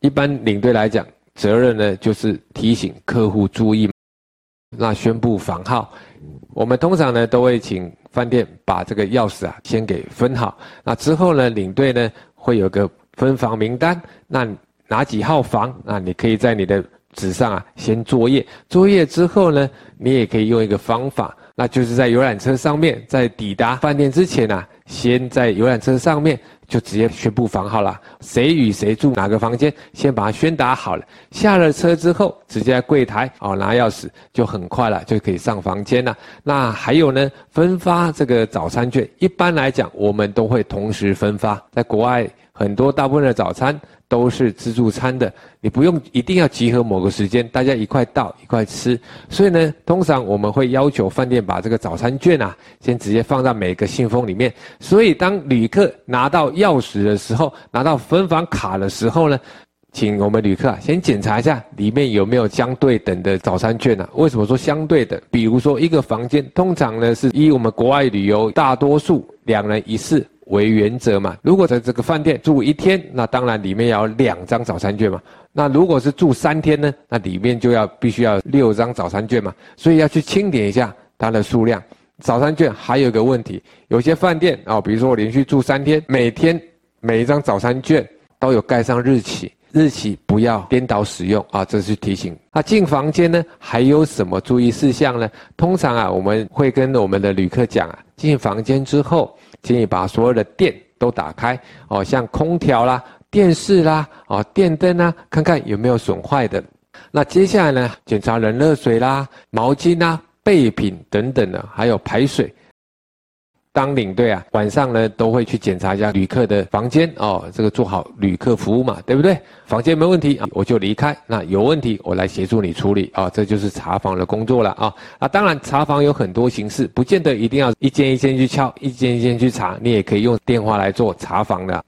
一般領隊來講，責任呢就是提醒客戶注意，那宣布房號。我們通常呢都會請飯店把這個鑰匙啊先給分好。那之後呢，領隊呢會有個分房名單，那哪幾號房？那你可以在你的紙上啊先作業。作業之後呢，你也可以用一個方法，那就是在遊覽車上面，在抵達飯店之前啊，先在遊覽車上面。就直接宣布房號了，誰與誰住哪個房間，先把它宣達好了。下了車之後，直接在櫃檯哦拿鑰匙，就很快了，就可以上房間了。那還有呢，分發這個早餐券。一般來講，我們都會同時分發。在國外，很多大部分的早餐。都是自助餐的，你不用一定要集合某個時間，大家一塊到一塊吃。所以呢，通常我們會要求飯店把這個早餐券啊，先直接放在每個信封裡面。所以當旅客拿到鑰匙的時候，拿到分房卡的時候呢，請我們旅客啊，先檢查一下裡面有沒有相對等的早餐券啊。為什麼說相對的？比如說一個房間，通常呢是以我們國外旅遊大多數兩人一室。為原則嘛，如果在這個飯店住一天，那當然裡面要有兩張早餐券嘛。那如果是住三天呢，那裡面就要必須要六張早餐券嘛。所以要去清點一下它的數量。早餐券還有一個問題，有些飯店啊、哦，比如說我連續住三天，每天每一張早餐券都有蓋上日期，日期不要顛倒使用啊、哦，這是提醒。那進房間呢，還有什麼注意事項呢？通常啊，我們會跟我們的旅客講啊，進房間之後。建議把所有的電都打開哦，像空調啦、電視啦、哦電燈啊，看看有沒有損壞的。那接下來呢，檢查冷熱水啦、毛巾啦、啊、備品等等的，還有排水。當領隊啊，晚上呢都會去檢查一下旅客的房間哦，這個做好旅客服務嘛，對不對？房間沒問題啊，我就離開；那有問題，我來協助你處理啊、哦，這就是查房的工作了啊、哦、啊！當然，查房有很多形式，不見得一定要一間一間去敲，一間一間去查，你也可以用電話來做查房的。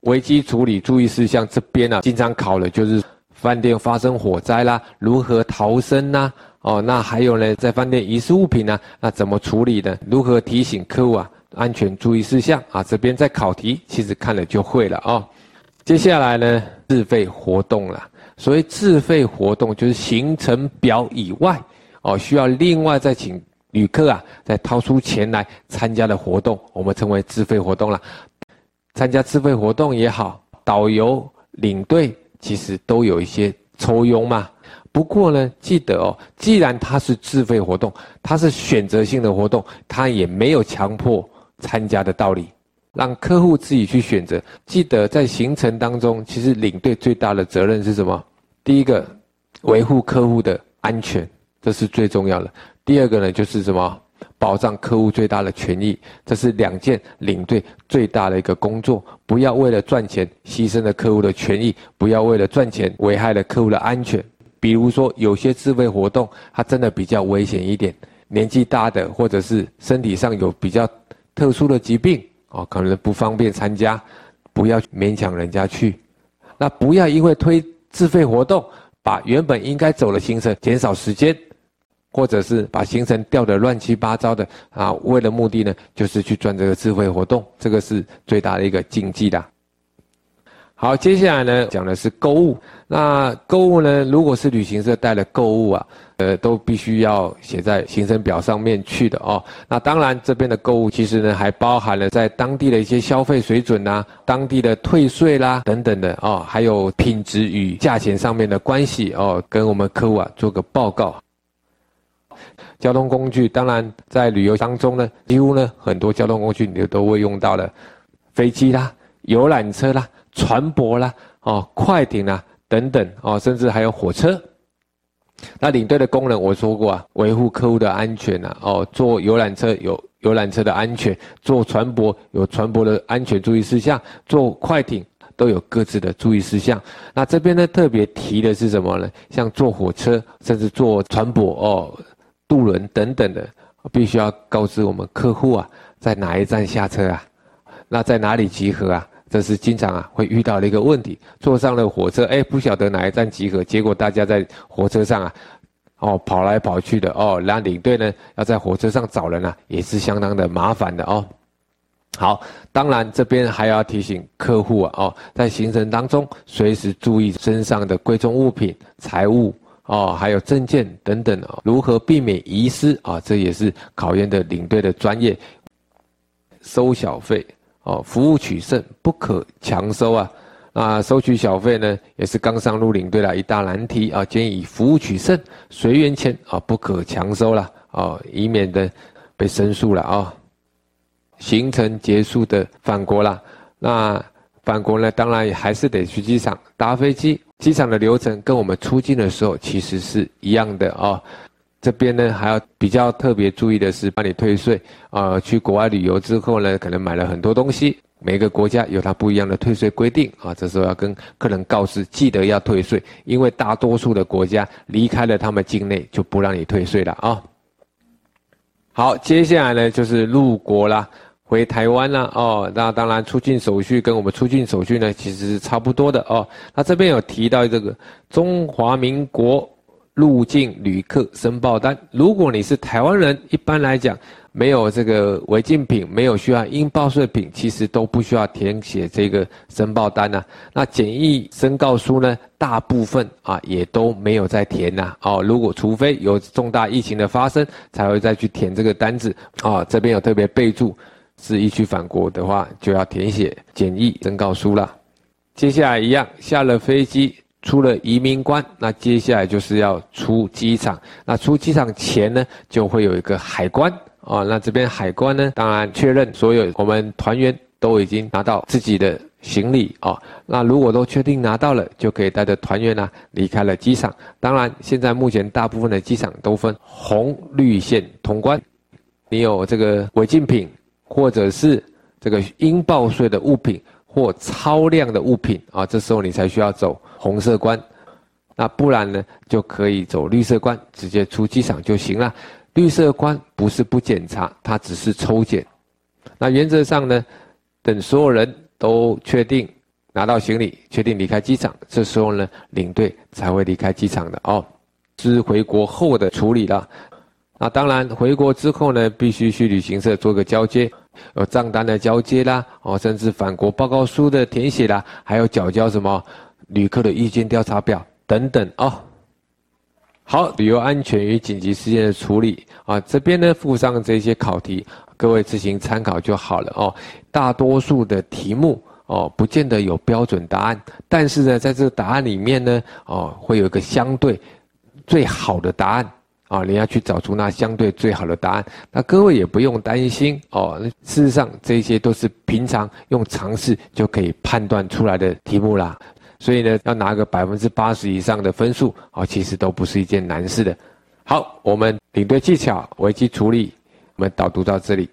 危機處理注意事項這邊呢、啊，經常考的就是。飯店發生火災啦，如何逃生呢？哦，那還有呢，在飯店遺失物品呢，那怎麼處理呢？如何提醒客戶啊安全注意事項啊？這邊在考題，其實看了就會了啊。接下來呢，自費活動了。所謂自費活動，就是行程表以外哦，需要另外再請旅客啊，再掏出錢來參加的活動，我們稱為自費活動了。參加自費活動也好，導遊領隊。其實都有一些抽傭嘛，不過呢，記得哦，既然它是自費活動，它是選擇性的活動，它也沒有強迫參加的道理，讓客戶自己去選擇。記得在行程當中，其實領隊最大的責任是什麼？第一個，維護客戶的安全，這是最重要的。第二個呢，就是什麼？保障客戶最大的權益，這是兩件領隊最大的一個工作。不要為了賺錢犧牲了客戶的權益，不要為了賺錢危害了客戶的安全。比如說，有些自費活動，它真的比較危險一點，年紀大的或者是身體上有比較特殊的疾病，哦，可能不方便參加，不要勉強人家去。那不要因為推自費活動，把原本應該走的行程減少時間。或者是把行程調得亂七八糟的啊，為了目的呢，就是去賺這個智慧活動，這個是最大的一個禁忌啦。好，接下來呢講的是購物。那購物呢，如果是旅行社帶了購物啊，呃，都必須要寫在行程表上面去的哦。那當然，這邊的購物其實呢，還包含了在當地的一些消費水準啊、當地的退稅啦等等的哦，還有品質與價錢上面的關係哦，跟我們客戶啊做個報告。交通工具，當然在旅遊當中呢，幾乎呢很多交通工具你都會用到了，飛機啦、遊覽車啦、船舶啦、哦、快艇啦等等，哦，甚至還有火車。那領隊的功能我說過啊，維護客戶的安全啊，哦，坐遊覽車有遊覽車的安全，坐船舶有船舶的安全注意事項，坐快艇都有各自的注意事項。那這邊呢特別提的是什麼呢？像坐火車，甚至坐船舶哦。渡輪等等的，必須要告知我們客戶啊，在哪一站下車啊？那在哪裡集合啊？這是經常啊會遇到的一個問題。坐上了火車，哎、欸，不曉得哪一站集合，結果大家在火車上啊，哦，跑來跑去的，哦，那領隊呢要在火車上找人啊，也是相當的麻煩的哦。好，當然這邊還要提醒客戶啊，哦，在行程當中隨時注意身上的貴重物品、財物。哦，還有證件等等、哦、如何避免遺失啊、哦？這也是考驗的領隊的專業。收小費哦，服務取勝，不可強收啊。啊，收取小費呢，也是剛上路領隊的一大難題啊。建議服務取勝，隨緣錢啊、哦，不可強收了哦，以免的被申訴了啊、哦。行程結束的返國了，那返國呢，當然也還是得去機場搭飛機。機場的流程跟我們出境的時候其實是一樣的啊、哦。這邊呢，還要比較特別注意的是辦理退稅啊、呃。去國外旅遊之後呢，可能買了很多東西，每個國家有它不一樣的退稅規定啊、哦。這時候要跟客人告知，記得要退稅，因為大多數的國家離開了他們境內就不讓你退稅了啊、哦。好，接下來呢就是入國啦。回台灣啦、啊。哦，那當然出境手續跟我們出境手續呢，其實是差不多的哦。那這邊有提到這個中華民國入境旅客申報單。如果你是台灣人，一般來講沒有這個違禁品，沒有需要應報稅品，其實都不需要填寫這個申報單呢、啊。那簡易申告書呢，大部分啊也都沒有在填呢、啊。哦，如果除非有重大疫情的發生，才會再去填這個單子。啊、哦，這邊有特別備注。是一去返國的話，就要填寫檢疫申告書了。接下來一樣，下了飛機，出了移民關，那接下來就是要出機場。那出機場前呢，就會有一個海關哦。那這邊海關呢，當然確認所有我們團員都已經拿到自己的行李哦。那如果都確定拿到了，就可以帶着團員呢、啊、離開了機場。當然，現在目前大部分的機場都分紅綠線通關，你有這個違禁品。或者是這個應報稅的物品或超量的物品啊，這時候你才需要走紅色關，那不然呢就可以走綠色關，直接出機場就行了。綠色關不是不檢查，它只是抽檢。那原則上呢，等所有人都確定拿到行李，確定離開機場，這時候呢領隊才會離開機場的哦。是回國後的處理了。那當然，回國之後呢，必須去旅行社做個交接。有賬單的交接啦，哦，甚至返國報告書的填寫啦，還有繳交什麼旅客的意見調查表等等哦。好，旅遊安全與緊急事件的處理啊，這邊呢附上這些考題，各位自行參考就好了哦。大多數的題目哦，不見得有標準答案，但是呢，在這個答案裡面呢，哦，會有一個相對最好的答案。啊、哦，你要去找出那相對最好的答案。那各位也不用擔心哦。事實上，這些都是平常用常識就可以判斷出來的題目啦。所以呢，要拿個百分之八十以上的分數，啊、哦，其實都不是一件難事的。好，我們領隊技巧危機處理，我們導讀到這裡。